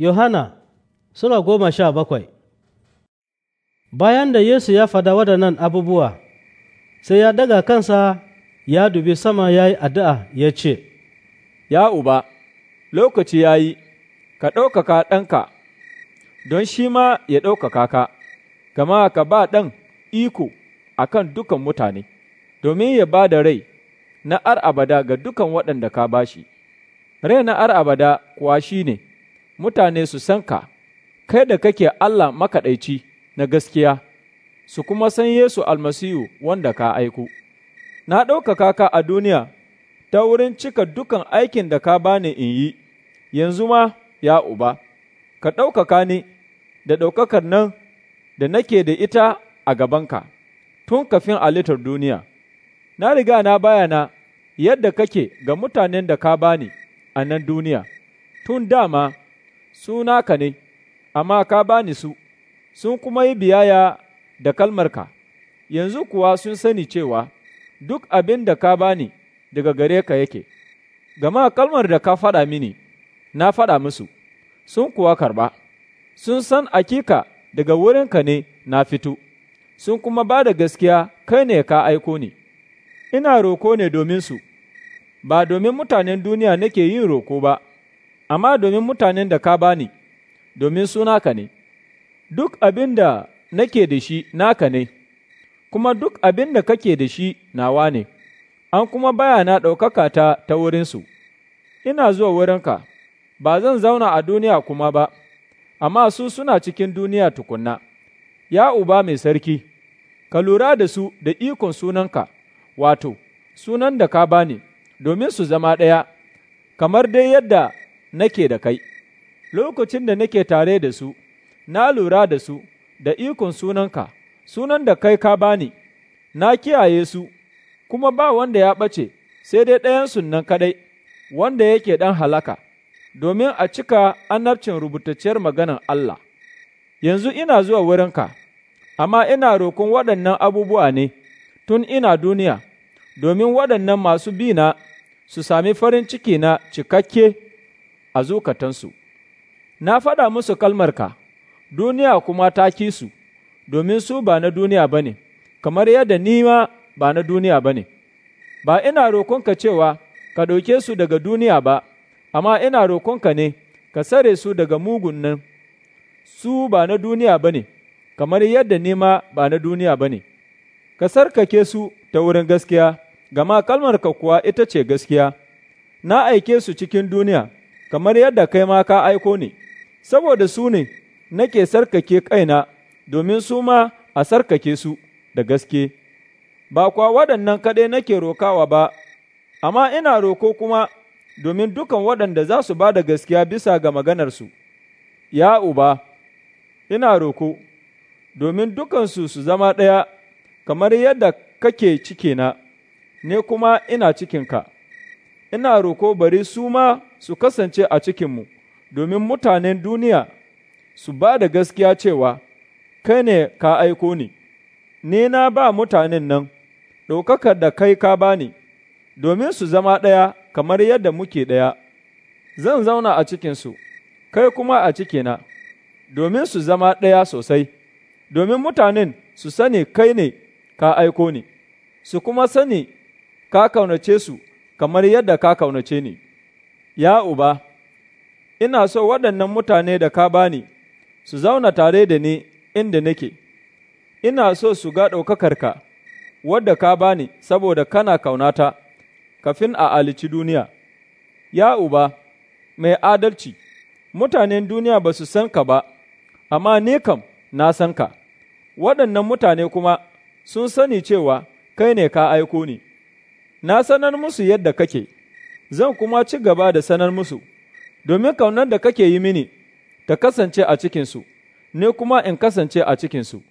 Yohana Sura goma sha bakwai Bayan da Yesu ya fada waɗannan abubuwa, sai ya daga kansa ya dubi sama ya yi addu'a ya ce, Ya uba, lokaci ya yi, ka ɗaukaka ɗanka, don shi ma ya ɗaukaka ka, gama ka ba ɗan iko a kan dukan mutane, domin ya ba da rai na ar abada ga dukan waɗanda ka ba shi Rai na ar abada kuwa shi ne. mutane su san ka, kai da kake Allah makaɗaici na gaskiya, su kuma san Yesu almasiyu wanda ka aiku. Na ɗaukaka ka a duniya ta wurin cika dukan aikin da ka bani in yi, yanzu ma ya uba, ka ɗaukaka ni da ɗaukakar nan da nake da ita a gabanka, tun kafin alitar duniya. Na riga na bayana yadda kake ga mutanen da ka bani a nan duniya, tun dama su naka ne, amma ka bani su, sun kuma yi biyaya da kalmarka, yanzu kuwa sun sani cewa duk abin da ka bani daga gare ka yake, gama kalmar da ka faɗa mini, na faɗa musu, sun kuwa karɓa, sun san akika daga wurinka ne na fito, sun kuma ba da gaskiya kai ne ka aiko ni, ina roko ne domin su, ba domin mutanen duniya nake yin roko ba. amma domin mutanen da ka bani, domin su naka ne, duk abin da nake da shi naka ne, kuma duk abin da kake da shi nawa ne, an kuma bayana ɗaukaka ta ta wurinsu, ina zuwa wurinka, ba zan zauna a duniya kuma ba, amma su suna cikin duniya tukunna, ya uba mai sarki, ka lura da su da ikon sunanka, wato, sunan da ka bani, domin su zama ɗaya, kamar dai yadda nake da kai, lokacin da nake tare da su, na lura da su da ikon sunanka, sunan da kai ka bani, na kiyaye su, kuma ba wanda ya ɓace, sai dai ɗayansu nan kaɗai, wanda yake ɗan halaka, domin a cika annabcin rubutacciyar maganan Allah. Yanzu ina zuwa wurinka, amma ina roƙon waɗannan abubuwa ne tun ina duniya, domin waɗannan masu bi na su sami farin ciki na cikakke. a zukatansu. Na faɗa musu kalmarka, duniya kuma ta ki su, domin su ba na duniya ba ne, kamar yadda ni ma ba na duniya ba ne. Ba ina rokonka cewa ka ɗauke su daga duniya ba, amma ina rokonka ne ka sare su daga mugun nan, su ba na duniya ba ne, kamar yadda nima ma ba na duniya ba ne. Ka sarkake su ta wurin gaskiya, gama kalmarka kuwa ita ce gaskiya, na aike su cikin duniya. kamar yadda kai ma ka aiko ne saboda su ne nake sarkake kaina domin su ma a sarkake su da gaske, ba kwa waɗannan kaɗai nake rokawa ba, amma ina roko kuma domin dukan waɗanda za su ba da gaskiya bisa ga maganarsu, ya uba, ina roko, domin dukansu su zama ɗaya kamar yadda kake cikina, ne kuma ina cikinka, ina roko bari su ma su kasance a cikinmu, domin mutanen duniya su ba da gaskiya cewa, Kai ne ka aiko ni, ni na ba mutanen nan, ɗaukakar da kai ka ba bani, domin su zama ɗaya kamar yadda muke ɗaya, zan zauna a cikinsu, kai kuma a cikina, domin su zama ɗaya sosai, domin mutanen su sani kai ne ka aiko ni, su kuma sani ka kaunace su kamar yadda ka kaunace ni. Ya Uba, ina so waɗannan mutane da ka bani su zauna tare da ni inda nake, ina so su ga ɗaukakarka, wadda ka bani saboda kana kaunata, kafin a alici duniya. Ya Uba, mai adalci, mutanen duniya ba su san ka ba, amma ni kam na san ka, waɗannan mutane kuma sun sani cewa kai ne ka aiko ni, na sanar musu yadda kake. zan kuma ci gaba da sanar musu, domin kaunar da kake yi mini ta kasance a cikinsu, ne kuma in kasance a cikinsu.